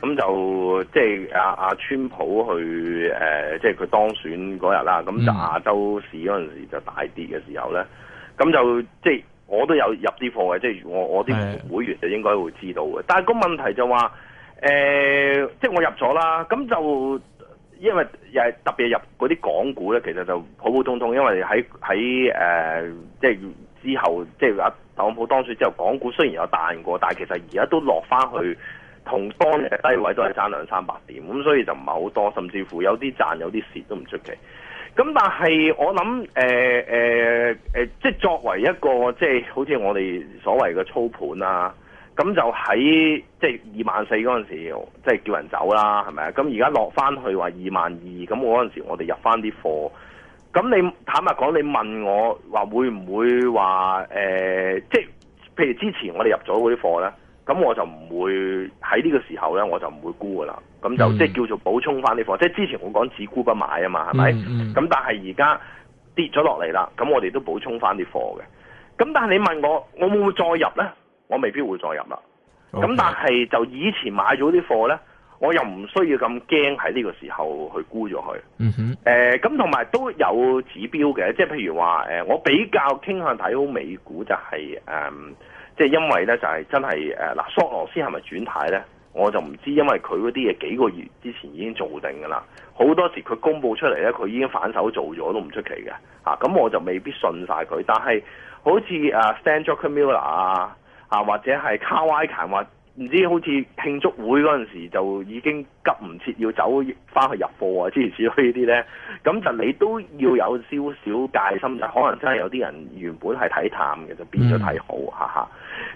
咁就即係阿阿川普去誒，即係佢當選嗰日啦。咁就亞洲市嗰陣時就大跌嘅時候咧，咁、嗯、就即係、就是、我都有入啲貨嘅，即、就、係、是、我我啲會員就應該會知道嘅。但係個問題就話、是，誒、呃，即、就、係、是、我入咗啦。咁就因為又特別入嗰啲港股咧，其實就普普通通。因為喺喺誒即係之後，即係阿特朗普當選之後，港股雖然有彈過，但係其實而家都落翻去。同當日低位都係爭兩三百點，咁所以就唔係好多，甚至乎有啲賺有啲蝕都唔出奇。咁但係我諗，誒、呃呃呃、即係作為一個即係好似我哋所謂嘅操盤啦、啊，咁就喺即係二萬四嗰陣時，即係叫人走啦，係咪啊？咁而家落翻去話二萬二，咁我嗰陣時我哋入翻啲貨，咁你坦白講，你問我話會唔會話、呃、即係譬如之前我哋入咗嗰啲貨咧？咁我就唔會喺呢個時候咧，我就唔會沽噶啦。咁就即係叫做補充翻啲貨。嗯、即係之前我講只沽不買啊嘛，係、嗯、咪？咁、嗯嗯、但係而家跌咗落嚟啦，咁我哋都補充翻啲貨嘅。咁但係你問我，我會唔會再入咧？我未必會再入啦。咁、okay. 但係就以前買咗啲貨咧，我又唔需要咁驚喺呢個時候去沽咗佢。誒、嗯，咁同埋都有指標嘅，即係譬如話、呃、我比較傾向睇好美股、就係，就、嗯、係即係因為咧，就係真係誒嗱，索羅斯係咪轉態咧？我就唔知，因為佢嗰啲嘢幾個月之前已經做定㗎啦。好多時佢公佈出嚟咧，佢已經反手做咗都唔出奇嘅。嚇、啊，咁我就未必信晒佢。但係好似誒 Stan Druckenmiller 啊，啊或者係卡威強話。唔知好似慶祝會嗰陣時就已經急唔切要走翻去入貨啊，之類之類呢啲咧，咁就你都要有少少戒心，就可能真係有啲人原本係睇淡嘅就變咗睇好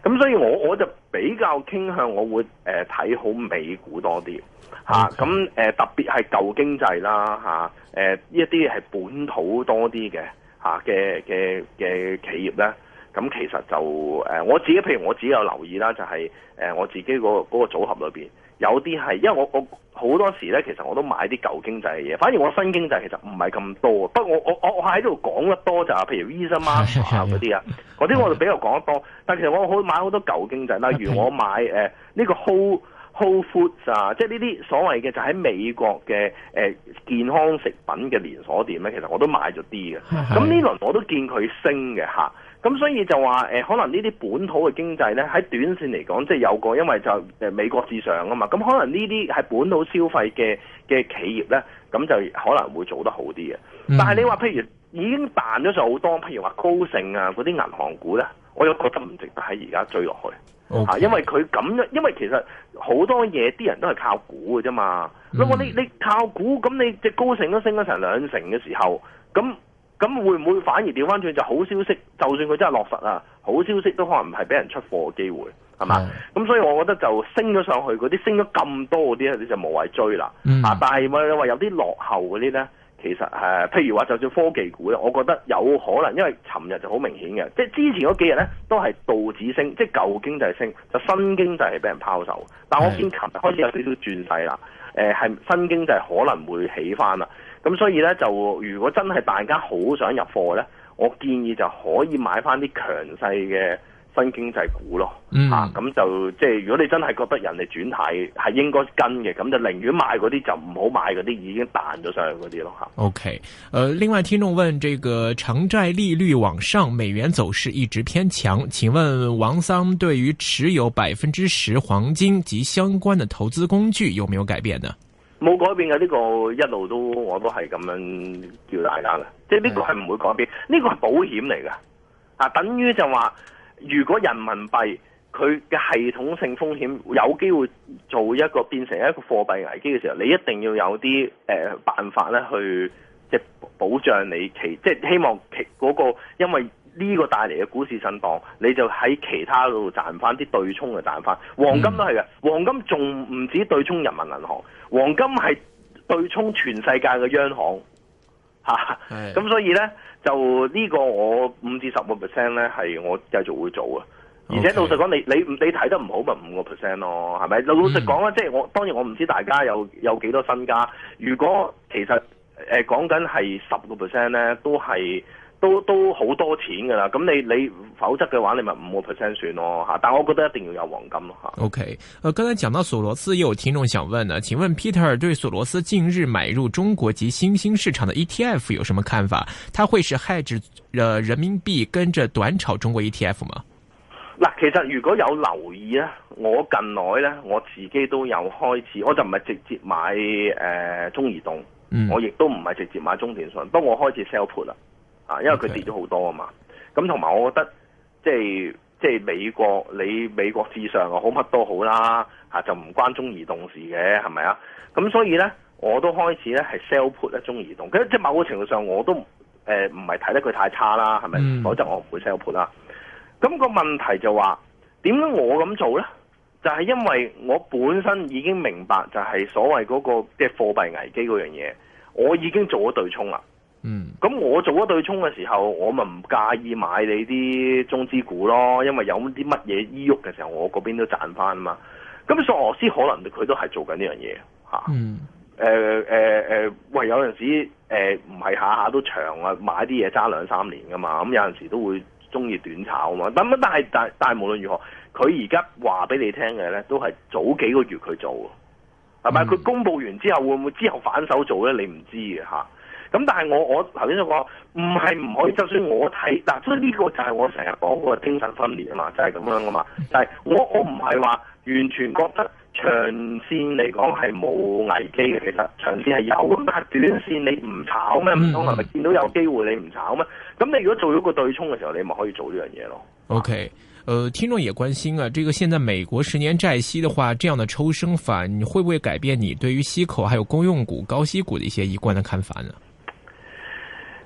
咁，嗯啊、所以我我就比較傾向我會呃、睇好美股多啲咁，啊呃、特別係舊經濟啦、啊呃、一啲係本土多啲嘅嘅嘅嘅企業咧。咁其實就誒、呃，我自己譬如我自己有留意啦，就係、是、誒、呃、我自己嗰、那個那個組合裏面有啲係，因為我我好多時咧，其實我都買啲舊經濟嘅嘢。反而我新經濟其實唔係咁多。不過我我我我喺度講得多就係，譬如 Visa Master 啊嗰啲啊，嗰 啲我就比較講得多。 但其實我好買好多舊經濟，例如我買誒呢、呃這個 who，Whole Foods 啊，即係呢啲所謂嘅就喺美國嘅、呃、健康食品嘅連鎖店咧，其實我都買咗啲嘅。咁 呢輪我都見佢升嘅嚇。咁所以就話、呃、可能呢啲本土嘅經濟呢，喺短線嚟講，即係有個，因為就、呃、美國至上啊嘛。咁可能呢啲係本土消費嘅嘅企業呢，咁就可能會做得好啲嘅。嗯、但係你話譬如已經彈咗上好多，譬如話高盛啊嗰啲銀行股呢，我又覺得唔值得喺而家追落去吓、okay. 啊、因為佢咁樣，因為其實好多嘢啲人都係靠估嘅啫嘛。咁、嗯、我你你靠估，咁你隻高盛都升咗成兩成嘅時候，咁。咁會唔會反而調翻轉？就好消息，就算佢真係落實啊，好消息都可能唔係俾人出貨嘅機會，係嘛？咁所以我覺得就升咗上去嗰啲，升咗咁多嗰啲咧，你就無謂追啦、嗯。啊，但係咪話有啲落後嗰啲咧？其實係、啊，譬如話，就算科技股咧，我覺得有可能，因為尋日就好明顯嘅，即係之前嗰幾日咧都係道指升，即係舊經濟就升，就新經濟係俾人拋售。但我見尋日開始有少少轉勢啦，係、呃、新經濟就可能會起翻啦。咁所以咧，就如果真係大家好想入貨咧，我建議就可以買翻啲強勢嘅新經濟股咯，咁、嗯吓、就即係如果你真係覺得人哋轉態係應該跟嘅，咁就寧願買嗰啲就唔好買嗰啲已經彈咗上去嗰啲咯，吓。OK，呃，另外聽眾問：這個長債利率往上，美元走勢一直偏強。請問王桑對於持有百分之十黃金及相關的投資工具有沒有改變呢？冇改變嘅，呢個一路都我都係咁樣叫大家嘅，即係呢個係唔會改變，呢個係保險嚟嘅啊，等於就話，如果人民幣佢嘅系統性風險有機會做一個變成一個貨幣危機嘅時候，你一定要有啲誒辦法咧，去即係保障你其即係希望其嗰個因為。呢、個帶嚟嘅股市振盪，你就喺其他度賺翻啲對沖嘅賺翻，黃金都係嘅。黃金仲唔止對沖人民銀行，黃金係對沖全世界嘅央行嚇。咁所以呢，就呢個我五至十個 percent 咧係我繼續會做嘅。Okay, 而且老實講，你你你睇得唔好咪五個 percent 咯，係咪？老老實講啦、嗯，即係我當然我唔知大家有有幾多身家。如果其實誒講緊係十個 percent 咧，都係。都都好多錢㗎啦，咁你你否則嘅話你，你咪五個 percent 算咯。但我覺得一定要有黃金。OK，呃，剛才講到索羅斯，有聽眾想問呢。請問 Peter 對索羅斯近日買入中國及新興市場的 E T F 有什麼看法？它會是 hedge 呃人民幣跟着短炒中國 E T F 嗎？嗱，其實如果有留意啊，我近來咧我自己都有開始，我就唔係直接買誒、呃、中移動，嗯、我亦都唔係直接買中電信，不過我開始 sell put 啦。因為佢跌咗好多啊嘛，咁同埋我覺得，即係即係美國，你美國至上啊，好乜都好啦，嚇就唔關中移動事嘅，係咪啊？咁所以咧，我都開始咧係 sell put 一中移動，即係某個程度上我都誒唔係睇得佢太差啦，係咪？否、mm. 則我唔會 sell put 啦。咁、那個問題就話點解我咁做咧？就係、是、因為我本身已經明白就係所謂嗰、那個即係貨幣危機嗰樣嘢，我已經做咗對沖啦。嗯，咁我做咗對沖嘅時候，我咪唔介意買你啲中資股咯，因為有啲乜嘢醫郁嘅時候，我嗰邊都賺翻啊嘛。咁索羅斯可能佢都係做緊呢樣嘢吓，誒誒誒，喂，有陣時誒唔係下下都長啊，買啲嘢揸兩三年噶嘛，咁、嗯、有陣時都會中意短炒啊嘛。咁但係但但係無論如何，佢而家話俾你聽嘅咧，都係早幾個月佢做，係咪？佢、嗯、公布完之後會唔會之後反手做咧？你唔知嘅吓。啊咁但係我我頭先就講唔係唔可以，就算我睇嗱，所以呢個就係我成日講嗰個精神分裂啊嘛，就係、是、咁樣噶嘛。但係我我唔係話完全覺得長線嚟講係冇危機嘅，其實長線係有噶，但係短線你唔炒咩？唔通係咪見到有機會你唔炒咩？咁、嗯、你如果做咗個對沖嘅時候，你咪可以做呢樣嘢咯。OK，呃，聽眾也關心啊，這個現在美國十年債息的話，這樣的抽升法，你會不會改變你對於息口還有公用股、高息股的一些一貫的看法呢？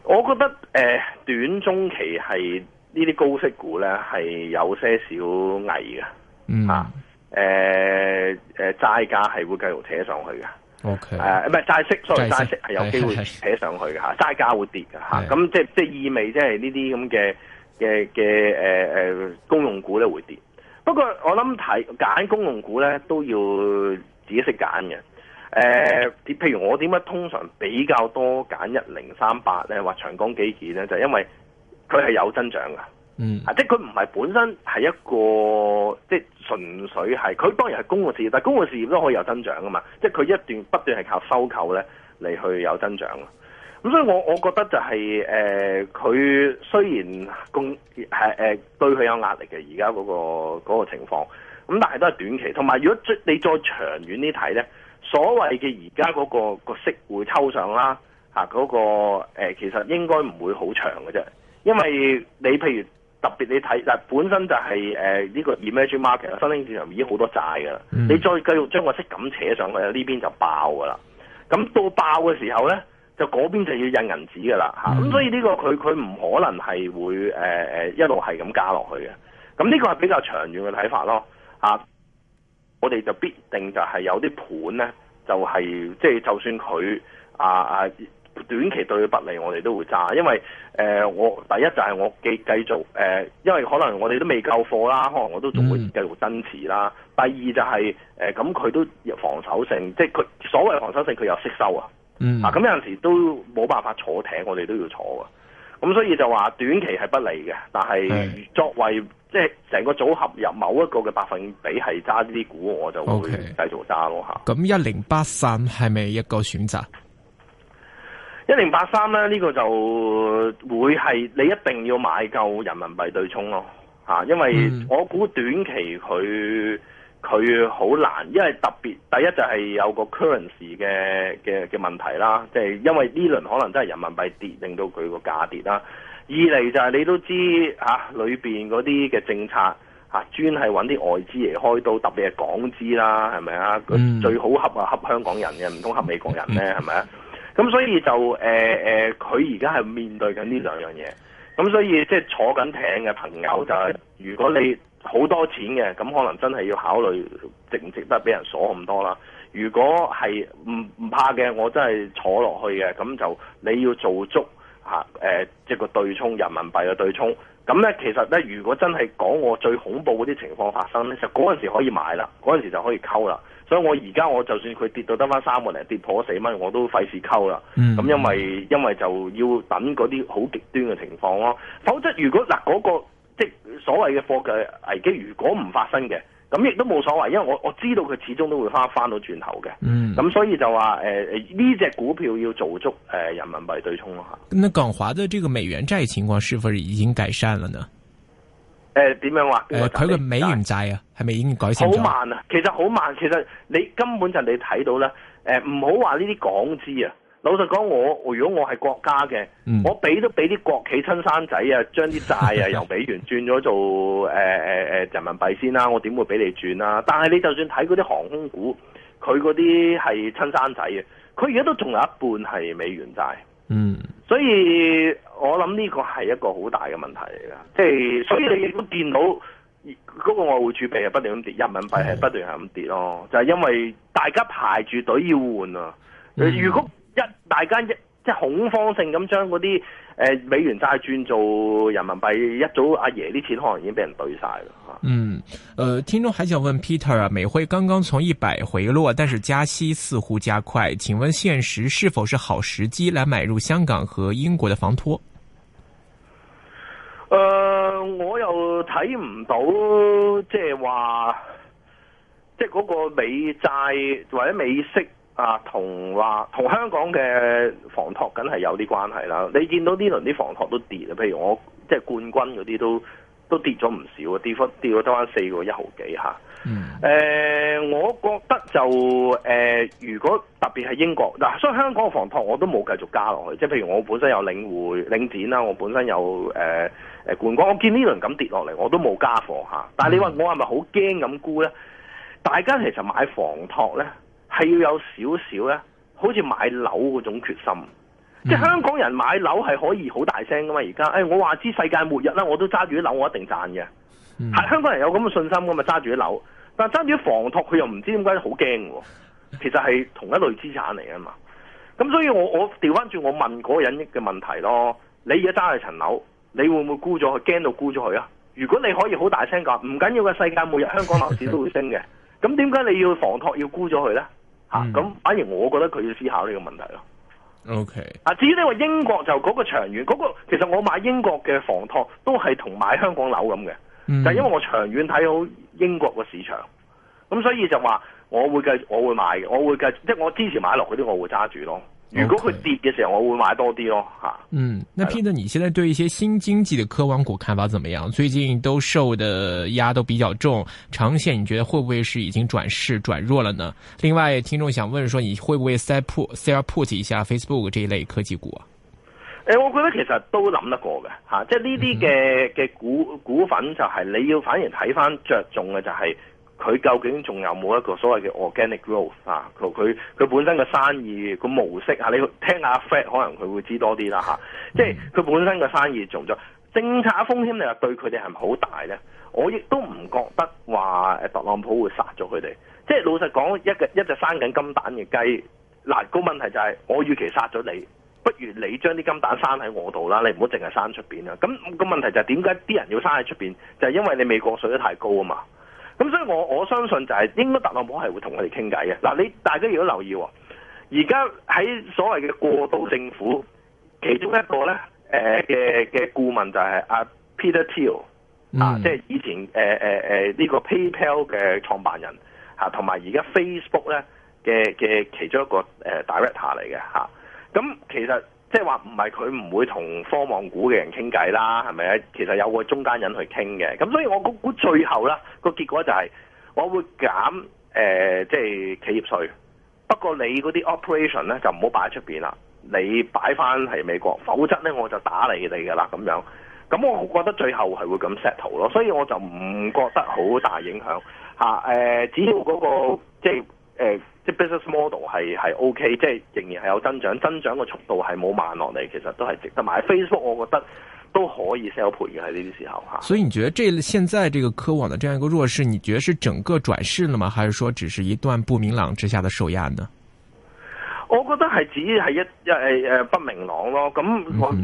我覺得誒、呃、短中期係呢啲高息股咧係有些少危嘅，嗯啊誒誒、呃呃、債價係會繼續扯上去嘅，OK 誒唔係債息，所謂債息係有機會扯上去嘅嚇， 債價會跌嘅嚇，咁即係即係意味即係呢啲咁嘅嘅嘅誒誒公用股咧會跌，不過我諗睇揀公用股咧都要自己識揀嘅。誒、呃，譬如我點解通常比較多揀一零三八咧，或長江基建咧，就係，因為佢係有增長噶，嗯，啊，即係佢唔係本身係一個，即係純粹係佢當然係公共事業，但係公共事業都可以有增長噶嘛，即係佢一段不斷係靠收購咧嚟去有增長的。咁所以我我覺得就係，係，誒，佢，呃、雖然供係誒對佢有壓力嘅，而家嗰個嗰個情況，咁但係都係短期。同埋如果你再長遠啲睇咧。所謂嘅而家嗰個、那個息會抽上啦，嚇、啊、嗰、那個、呃、其實應該唔會好長嘅啫，因為你譬如特別你睇嗱本身就係誒呢個 emerging market，新興市場已經好多債噶啦、嗯，你再繼續將個息咁扯上去，呢邊就爆噶啦。咁到爆嘅時候咧，就嗰邊就要印銀紙噶啦嚇。咁、啊嗯、所以呢個佢佢唔可能係會誒誒、呃、一路係咁加落去嘅。咁呢個係比較長遠嘅睇法咯，嚇、啊。我哋就必定就係有啲盤咧，就係即係就算佢啊啊短期對佢不利，我哋都會揸，因為誒、呃、我第一就係我繼繼續誒、呃，因為可能我哋都未夠貨啦，可能我都仲會繼續增持啦。嗯、第二就係誒咁佢都防守性，即係佢所謂防守性，佢又識收啊。嗯啊，咁有陣時都冇辦法坐艇，我哋都要坐啊。咁所以就話短期係不利嘅，但係作為，即係成個組合入某一個嘅百分比係揸呢啲股，我就會繼續揸咯吓。咁一零八三係咪一個選擇？一零八三咧呢、呢個就會係你一定要買夠人民幣對沖咯吓，因為我估短期佢佢好難，因為特別第一就係有個 currency 嘅嘅嘅問題啦，即係因為呢輪可能真係人民幣跌，令到佢個價跌啦。二嚟就係你都知嚇，裏、啊、面嗰啲嘅政策嚇、啊，專係搵啲外資嚟開刀，特別係港資啦，係咪啊？最好恰啊，恰香港人嘅，唔通恰美國人咧？係咪啊？咁、嗯、所以就誒誒，佢而家係面對緊呢兩樣嘢。咁所以即係坐緊艇嘅朋友就係，如果你好多錢嘅，咁可能真係要考慮值唔值得俾人鎖咁多啦。如果係唔唔怕嘅，我真係坐落去嘅，咁就你要做足。啊，誒、呃，即係個對沖，人民幣嘅對沖，咁、嗯、咧其實咧，如果真係講我最恐怖嗰啲情況發生咧，就嗰陣時可以買啦，嗰陣時就可以溝啦。所以我而家我就算佢跌到得翻三個零，跌破咗四蚊，我都費事溝啦。咁、嗯嗯、因為因為就要等嗰啲好極端嘅情況咯，否則如果嗱嗰、呃嗰個即所謂嘅貨幣危機如果唔發生嘅。咁亦都冇所謂，因為我我知道佢始終都會翻翻到轉頭嘅。咁、嗯、所以就話誒誒呢隻股票要做足誒、呃、人民幣對沖咯、啊、吓。那港華嘅這個美元債情況是否已經改善了呢？誒、呃，點樣話？佢個、呃、美元債啊，係咪已經改善咗？好慢啊，其實好慢。其實你根本就你睇到咧，誒、呃，唔好話呢啲港資啊。老實講，我如果我係國家嘅、嗯，我俾，都俾啲國企親生仔啊，將啲債啊由美元轉咗做誒誒、呃、人民幣先啦，我點會俾你轉啊？但係你就算睇嗰啲航空股，佢嗰啲係親生仔嘅，佢而家都仲有一半係美元債。嗯，所以我諗呢個係一個好大嘅問題嚟噶，即、就、係、是、所以你亦都見到嗰、那個外匯儲備係不斷咁跌，人民幣係不斷係咁跌咯、嗯，就係、是、因為大家排住隊要換啊、嗯。如果一大家一即係恐慌性咁將嗰啲誒美元債轉做人民幣，一早阿爺啲錢可能已經俾人兌晒啦吓。嗯，誒、呃，聽眾還想問 Peter 啊，美匯剛剛從一百回落，但是加息似乎加快，請問現時是否是好時機來買入香港和英國嘅房託？誒、呃，我又睇唔到，即係話，即係嗰個美債或者美息。啊，同話同香港嘅房託梗係有啲關係啦。你見到呢輪啲房託都跌啊，譬如我即係冠軍嗰啲都都跌咗唔少啊，跌跌咗得翻四個一毫幾下嗯、呃，我覺得就誒、呃，如果特別係英國嗱，所以香港嘅房託我都冇繼續加落去，即係譬如我本身有領匯領展啦，我本身有誒誒、呃、冠軍，我見呢輪咁跌落嚟，我都冇加房下但你話我係咪好驚咁沽咧？大家其實買房託咧？係要有少少咧，好似買樓嗰種決心。即係香港人買樓係可以好大聲噶嘛？而家，誒、哎，我話知世界末日啦，我都揸住啲樓，我一定賺嘅。係、嗯、香港人有咁嘅信心噶嘛？揸住啲樓，但係揸住啲房託，佢又唔知點解好驚喎。其實係同一類資產嚟啊嘛。咁所以我我調翻轉，我，我問嗰個人嘅問題咯。你而家揸住層樓，你會唔會沽咗佢？驚到沽咗佢啊？如果你可以好大聲講唔緊要嘅，世界末日，香港樓市都會升嘅。咁點解你要房託要沽咗佢咧？吓、嗯、咁反而，我覺得佢要思考呢個問題咯。O K，啊，至於你話英國就嗰個長遠嗰、嗰個，其實我買英國嘅房託都係同買香港樓咁嘅、嗯，就但、係、因為我長遠睇好英國個市場，咁所以就話我會繼續，我會買嘅，我會繼續，即係我之前買落嗰啲，我會揸住咯。如果佢跌嘅時候，Okay. 我會買多啲咯，吓。嗯，那 Peter，的你現在對一些新經濟的科網股看法怎麼樣？最近都受的壓都比較重，長線你覺得會不會是已經轉勢轉弱了呢？另外，聽眾想問說，你會不會 sell put sell put 一下 Facebook 這一類科技股啊、呃？我覺得其實都諗得過嘅，吓、啊，即係呢啲嘅嘅股股份就係你要反而睇翻着重嘅就係、是。佢究竟仲有冇一個所謂嘅 organic growth 啊？佢佢本身嘅生意個模式嚇、啊，你聽下 Fred，可能佢會知多啲啦嚇。即係佢本身嘅生意做咗，政策風險，你話對佢哋係咪好大呢？我亦都唔覺得話特朗普會殺咗佢哋。即係老實講，一隻一隻生緊金蛋嘅雞嗱，個問題就係我預期殺咗你，不如你將啲金蛋生喺我度啦，你唔好淨係生出邊啦。咁個問題就係點解啲人要生喺出邊？就係因為你美國稅得太高啊嘛。咁所以我我相信就係應該特朗普係會同佢哋傾偈嘅。嗱，你大家如果留意喎，而家喺所謂嘅過渡政府，其中一個咧誒嘅嘅顧問就係阿 Peter Thiel 啊，嗯、即係以前誒誒誒呢個 PayPal 嘅創辦人吓同埋而家 Facebook 咧嘅嘅其中一個誒、呃、director 嚟嘅吓，咁、啊嗯、其實。即係話唔係佢唔會同科網股嘅人傾偈啦，係咪啊？其實有個中間人去傾嘅，咁所以我估估最後啦、那個結果就係我會減誒、呃，即係企業稅。不過你嗰啲 operation 咧就唔好擺喺出邊啦，你擺翻喺美國，否則咧我就打你哋㗎啦咁樣。咁我覺得最後係會咁 settle 咯，所以我就唔覺得好大影響嚇誒、啊呃。只要嗰、那個即係誒。呃即 business model 係係 OK，即係仍然係有增長，增長嘅速度係冇慢落嚟，其實都係值得買。Facebook 我覺得都可以 sell 盤嘅呢啲時候吓。所以你覺得這現在這個科網的這樣一個弱勢，你覺得是整個轉勢呢嗎，還是說只是一段不明朗之下的受壓呢？我覺得係只係一、呃呃、不明朗咯，咁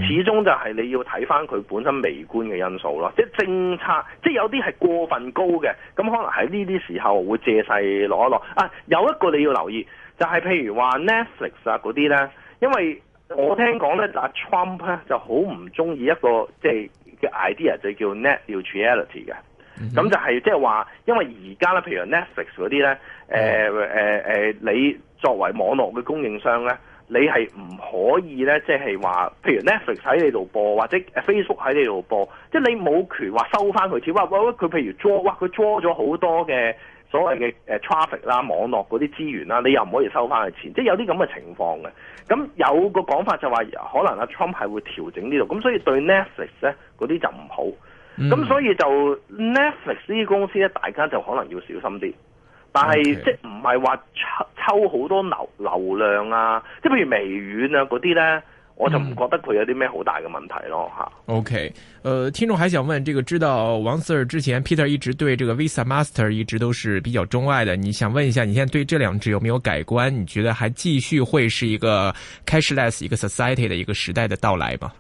始終就係你要睇翻佢本身微觀嘅因素咯，即係政策，即係有啲係過分高嘅，咁可能喺呢啲時候會借勢落一落。啊，有一個你要留意就係、是、譬如話 Netflix 啊嗰啲咧，因為我聽講咧，阿 Trump 咧就好唔中意一個即係嘅 idea 就叫 net neutrality 嘅。咁就係即係話，因為而家咧，譬如 Netflix 嗰啲咧，誒誒誒，你作為網絡嘅供應商咧，你係唔可以咧，即係話，譬如 Netflix 喺你度播，或者 Facebook 喺你度播，即係你冇權話收翻佢錢。喂，佢譬如 draw 哇，佢 draw 咗好多嘅所謂嘅 traffic 啦，網絡嗰啲資源啦，你又唔可以收翻佢錢。即係有啲咁嘅情況嘅。咁有個講法就話，可能阿 Trump 係會調整呢度，咁所以對 Netflix 咧嗰啲就唔好。咁、嗯、所以就 Netflix 呢啲公司咧，大家就可能要小心啲。但係、okay。即係唔係話抽抽好多流流量啊，即係譬如微軟啊嗰啲咧，我就唔覺得佢有啲咩好大嘅問題咯吓。OK，誒、呃，聽眾還想問，這個知道王 Sir 之前 Peter 一直對這個 Visa、Master 一直都是比較鍾愛的，你想問一下，你現在對這兩隻有沒有改觀？你覺得還繼續會是一個 cashless 一個 society 的一個時代的到來嗎？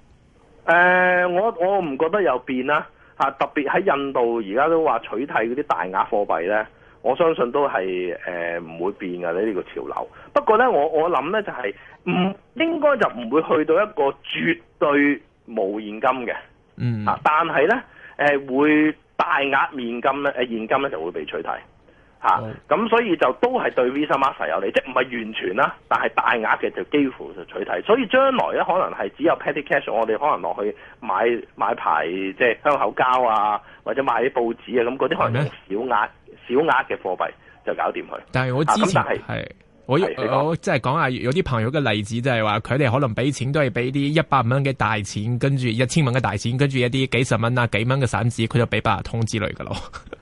誒、呃，我我唔覺得有變啦、啊。特別喺印度，而家都話取締嗰啲大額貨幣咧，我相信都係誒唔會變嘅咧，呢個潮流。不過咧，我我諗咧就係、是、唔應該就唔會去到一個絕對冇現金嘅，嗯啊，但係咧誒，會大額現金咧誒，現金咧就會被取締。咁、啊嗯啊嗯嗯啊、所以就都係對 Visa Master 有利，即係唔係完全啦，但係大額嘅就幾乎就取締。所以將來咧，可能係只有 Petty Cash 我哋可能落去買,買牌，排即係香口膠啊，或者買啲報紙啊，咁嗰啲可能用小額小額嘅貨幣就搞掂佢。但係我之前、啊、我我即係講下有啲朋友嘅例子就，就係話佢哋可能俾錢都係俾啲一百蚊嘅大錢，跟住一千蚊嘅大錢，跟住一啲幾十蚊啊、幾蚊嘅散紙，佢就俾八達通之類嘅咯。呵呵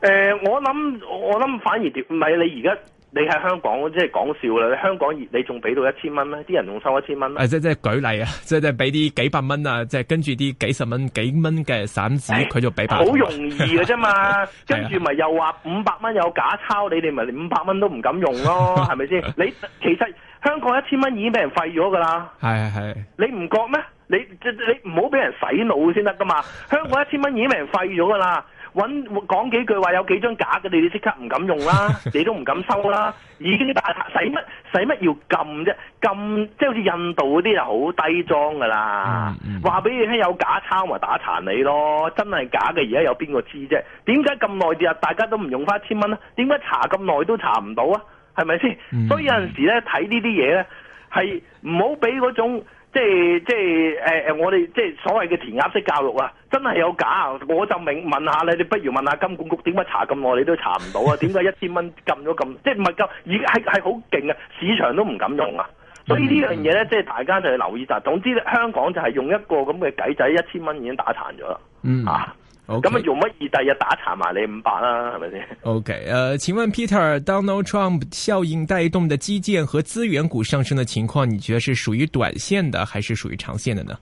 誒、呃，我諗我諗反而唔係你而家你喺香港即係講笑啦！你香港你仲俾到一千蚊咩？啲人仲收一千蚊？誒，即係即係舉例啊！即係即係俾啲幾百蚊啊！即係跟住啲幾十蚊、幾蚊嘅散紙，佢就俾百。好容易嘅啫嘛， 跟住咪又話五百蚊有假鈔，你哋咪五百蚊都唔敢用咯，係咪先？你其實香港一千蚊已經俾人廢咗噶啦，係 係。你唔覺咩？你你唔好俾人洗腦先得噶嘛！香港一千蚊已經俾人廢咗噶啦。揾講幾句話有幾張假嘅你哋即刻唔敢用啦、啊，你都唔敢收啦、啊，已經打殘使乜使乜要撳啫、啊？撳即係好似印度嗰啲就好低裝噶啦，話、嗯、俾、嗯、你聽有假鈔咪打殘你咯，真係假嘅，而家有邊個知啫？點解咁耐日大家都唔用翻一千蚊咧、啊？點解查咁耐都查唔到啊？係咪先？所以有陣時咧睇呢啲嘢咧係唔好俾嗰種。即係即係誒誒，我哋即係所謂嘅填鴨式教育啊，真係有假，我就明問下你，你不如問下金管局點解查咁耐你都查唔到啊？點 解一千蚊撳咗咁，即係唔係夠？而家係好勁啊！市場都唔敢用啊！所以呢樣嘢咧，即、嗯、係、嗯、大家就要留意曬。總之香港就係用一個咁嘅計仔，一千蚊已經打殘咗啦，嗯、啊！咁啊，用乜二第二日打殘埋你五百啦，係咪先？OK，誒、okay. uh,，請問 Peter，Donald Trump 效應帶動嘅基建和資源股上升嘅情況，你覺得是屬於短線的，還是屬於長線的呢？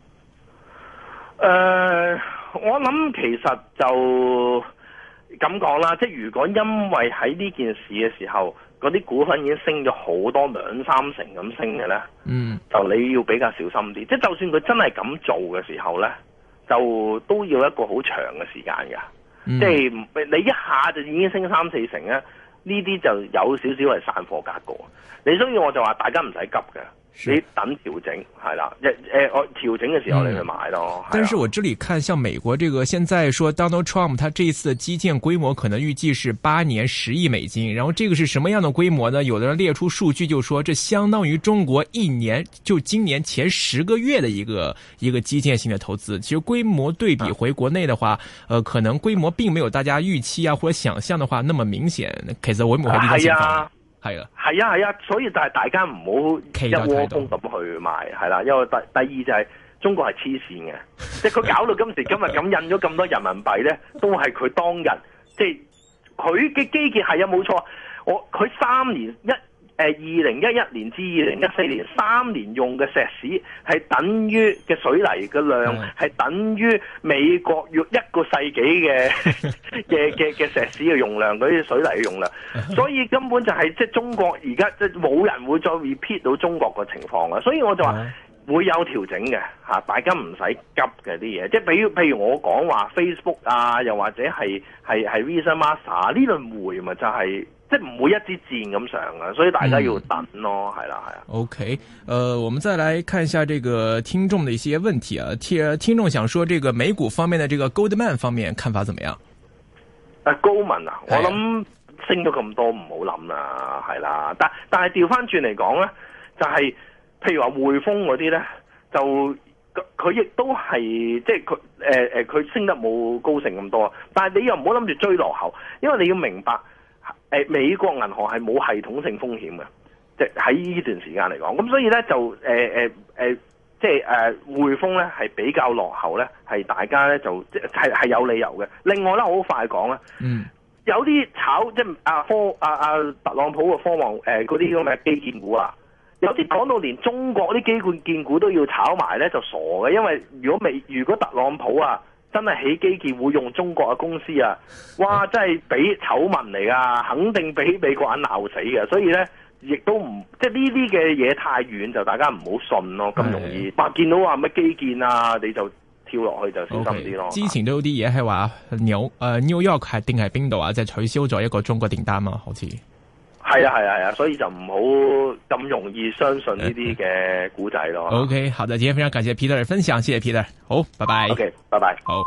誒、uh,，我諗其實就咁講啦，即係如果因為喺呢件事嘅時候，嗰啲股份已經升咗好多兩三成咁升嘅咧，嗯、mm.，就你要比較小心啲，即係就算佢真係咁做嘅時候咧。就都要一個好長嘅時間㗎，即、嗯、係、就是、你一下就已經升三四成咧，呢啲就有少少係散貨格局。你中意我就話大家唔使急嘅。你等調整係啦，一誒我、呃、調整嘅時候你去買咯、嗯。但是我這裡看，像美國這個現在說 Donald Trump，他這一次的基建規模可能預計是八年十億美金，然後這個是什麼樣的規模呢？有的人列出數據就說，這相當於中國一年就今年前十個月的一個一個基建性的投資。其實規模對比回國內的話，啊、呃可能規模並沒有大家預期啊或者想象的話那麼明顯。Kaiser Wilhelm 係啊，係啊，所以就係大家唔好一窩蜂咁去買，係啦。因為第第二就係、是、中國係黐線嘅，即係佢搞到今時今日咁印咗咁多人民幣咧， 都係佢當日即係佢嘅基建係啊，冇錯。我佢三年一。誒二零一一年至二零一四年，三年用嘅石屎係等於嘅水泥嘅量係等於美國用一個世紀嘅嘅嘅嘅石屎嘅用量，嗰啲水泥嘅用量， 所以根本就係即係中國而家即係冇人會再 repeat 到中國個情況啊，所以我就話。 會有調整嘅，吓大家唔使急嘅啲嘢，即係比如譬如我講話 Facebook 啊，又或者係係係 Visa Master、就是、Master 呢輪回咪就係即係唔會一支箭咁上嘅，所以大家要等咯，係、嗯、啦，係啊。OK，誒、呃，我們再來看一下這個聽眾的一些問題啊，聽聽眾想說，這個美股方面的這個 Goldman 方面看法怎麼樣？啊，高文啊，我諗升咗咁多唔好諗啦，係、哎、啦，但但係調翻轉嚟講咧，就係、是。譬如話匯豐嗰啲咧，就佢亦都係即係佢誒誒，佢、呃、升得冇高盛咁多。但係你又唔好諗住追落後，因為你要明白，誒、呃、美國銀行係冇系統性風險嘅、就是呃呃呃，即喺、呃、呢段時間嚟講。咁所以咧就誒誒誒，即係誒匯豐咧係比較落後咧，係大家咧就即係係有理由嘅。另外咧，我好快講啦，嗯，有啲炒即係、啊、科特朗普嘅科王誒嗰啲咁嘅基建股啊。有啲講到連中國啲基建股都要炒埋咧，就傻嘅。因為如果未如果特朗普啊真係起基建會用中國嘅公司啊，哇！真係俾醜聞嚟噶，肯定俾美國人鬧死嘅。所以咧，亦都唔即係呢啲嘅嘢太遠，就大家唔好信咯。咁容易，嗱，見到話咩基建啊，你就跳落去就小心啲咯。Okay. 之前都有啲嘢係話 New York 係定係邊度啊？即係取消咗一個中國訂單啊，好似。係 啊係啊係啊，所以就唔好咁容易相信呢啲嘅古仔咯。OK，好的，今日非常感謝 Peter 嘅分享，謝謝 Peter，好，拜拜。OK，拜拜，好。